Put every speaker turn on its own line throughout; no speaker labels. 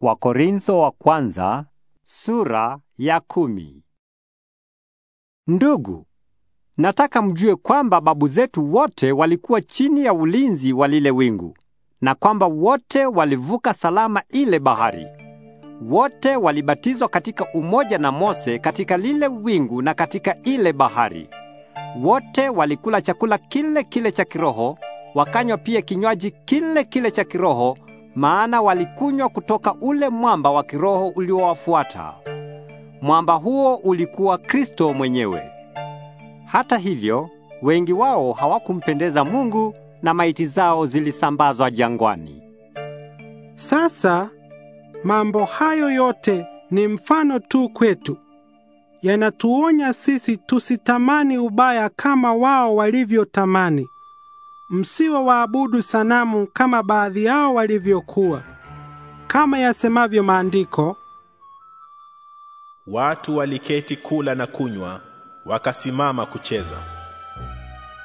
Wakorintho wa kwanza sura ya kumi. Ndugu, nataka mjue kwamba babu zetu wote walikuwa chini ya ulinzi wa lile wingu na kwamba wote walivuka salama ile bahari. Wote walibatizwa katika umoja na Mose katika lile wingu na katika ile bahari. Wote walikula chakula kile kile cha kiroho, wakanywa pia kinywaji kile kile cha kiroho maana walikunywa kutoka ule mwamba wa kiroho uliowafuata. Mwamba huo ulikuwa Kristo mwenyewe. Hata hivyo, wengi wao hawakumpendeza Mungu na maiti zao zilisambazwa jangwani. Sasa
mambo hayo yote ni mfano tu kwetu. Yanatuonya sisi tusitamani ubaya kama wao walivyotamani. Msiwe waabudu sanamu kama baadhi yao walivyokuwa. Kama yasemavyo maandiko, watu waliketi kula na kunywa, wakasimama kucheza.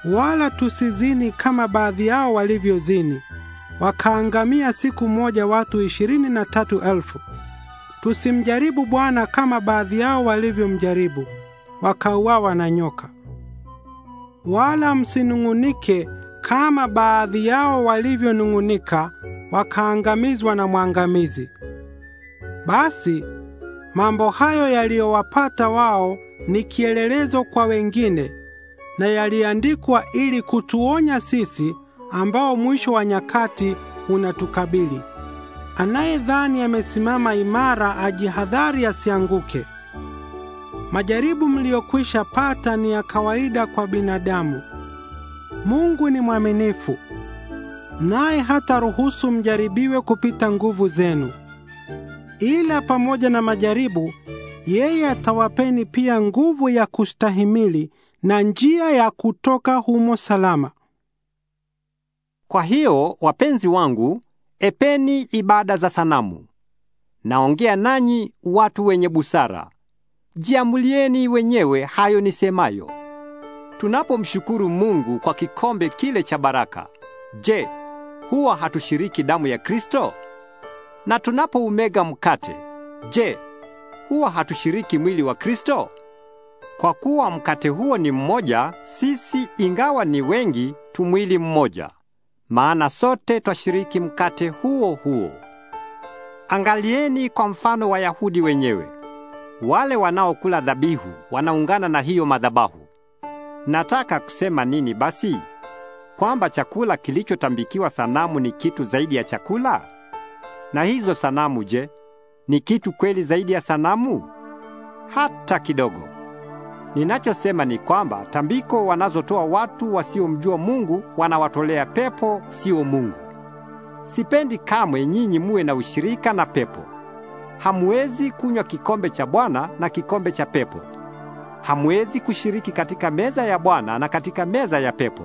Wala tusizini kama baadhi yao walivyozini, wakaangamia siku moja watu ishirini na tatu elfu. Tusimjaribu Bwana kama baadhi yao walivyomjaribu, wakauawa na nyoka. Wala msinung'unike kama baadhi yao walivyonung'unika wakaangamizwa na mwangamizi. Basi mambo hayo yaliyowapata wao ni kielelezo kwa wengine na yaliandikwa ili kutuonya sisi ambao mwisho wa nyakati unatukabili. Anayedhani amesimama imara ajihadhari asianguke. Majaribu mliyokwisha pata ni ya kawaida kwa binadamu. Mungu ni mwaminifu, naye hataruhusu mjaribiwe kupita nguvu zenu, ila pamoja na majaribu yeye atawapeni pia nguvu ya kustahimili na njia ya kutoka humo salama.
Kwa hiyo wapenzi wangu, epeni ibada za sanamu. Naongea nanyi watu wenye busara, jiamulieni wenyewe hayo nisemayo tunapomshukuru Mungu kwa kikombe kile cha baraka, je, huwa hatushiriki damu ya Kristo? Na tunapoumega mkate, je, huwa hatushiriki mwili wa Kristo? Kwa kuwa mkate huo ni mmoja, sisi ingawa ni wengi, tu mwili mmoja, maana sote twashiriki mkate huo huo. Angalieni kwa mfano Wayahudi wenyewe. Wale wanaokula dhabihu wanaungana na hiyo madhabahu. Nataka kusema nini basi? Kwamba chakula kilichotambikiwa sanamu ni kitu zaidi ya chakula? Na hizo sanamu je, ni kitu kweli zaidi ya sanamu? Hata kidogo. Ninachosema ni kwamba tambiko wanazotoa watu wasiomjua Mungu wanawatolea pepo, sio Mungu. Sipendi kamwe nyinyi muwe na ushirika na pepo. Hamwezi kunywa kikombe cha Bwana na kikombe cha pepo hamwezi kushiriki katika meza ya Bwana na katika meza ya pepo.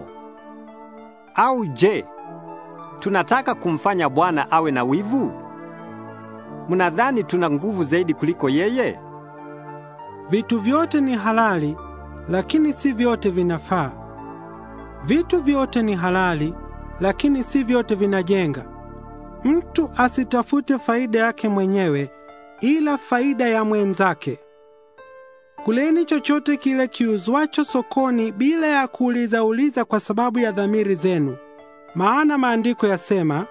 Au je, tunataka kumfanya Bwana awe na wivu? Mnadhani tuna nguvu zaidi kuliko yeye? Vitu vyote ni
halali, lakini si vyote vinafaa. Vitu vyote ni halali, lakini si vyote vinajenga. Mtu asitafute faida yake mwenyewe, ila faida ya mwenzake. Kuleni chochote kile kiuzwacho sokoni bila ya kuuliza uliza kwa sababu ya dhamiri zenu, maana maandiko yasema,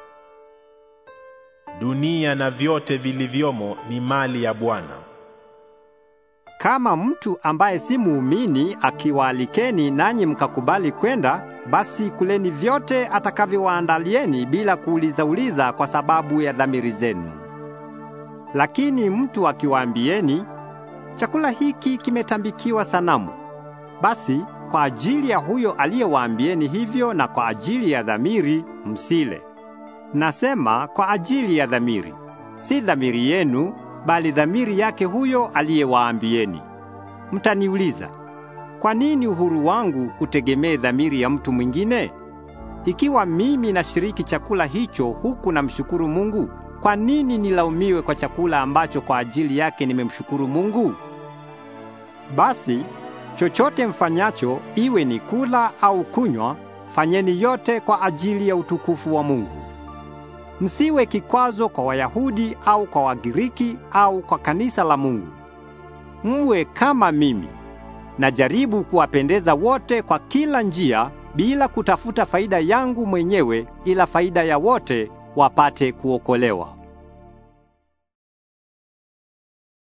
dunia na
vyote vilivyomo ni mali ya Bwana. Kama mtu ambaye si muumini akiwaalikeni nanyi mkakubali kwenda, basi kuleni vyote atakavyowaandalieni bila kuuliza uliza kwa sababu ya dhamiri zenu. Lakini mtu akiwaambieni chakula hiki kimetambikiwa sanamu. Basi kwa ajili ya huyo aliyewaambieni hivyo na kwa ajili ya dhamiri msile. Nasema kwa ajili ya dhamiri, si dhamiri yenu, bali dhamiri yake huyo aliyewaambieni. Mtaniuliza, kwa nini uhuru wangu utegemee dhamiri ya mtu mwingine? Ikiwa mimi nashiriki chakula hicho huku namshukuru Mungu, kwa nini nilaumiwe kwa chakula ambacho kwa ajili yake nimemshukuru Mungu? Basi chochote mfanyacho, iwe ni kula au kunywa, fanyeni yote kwa ajili ya utukufu wa Mungu. Msiwe kikwazo kwa Wayahudi au kwa Wagiriki au kwa kanisa la Mungu. Mwe kama mimi, najaribu kuwapendeza wote kwa kila njia bila kutafuta faida yangu mwenyewe ila faida ya wote wapate kuokolewa.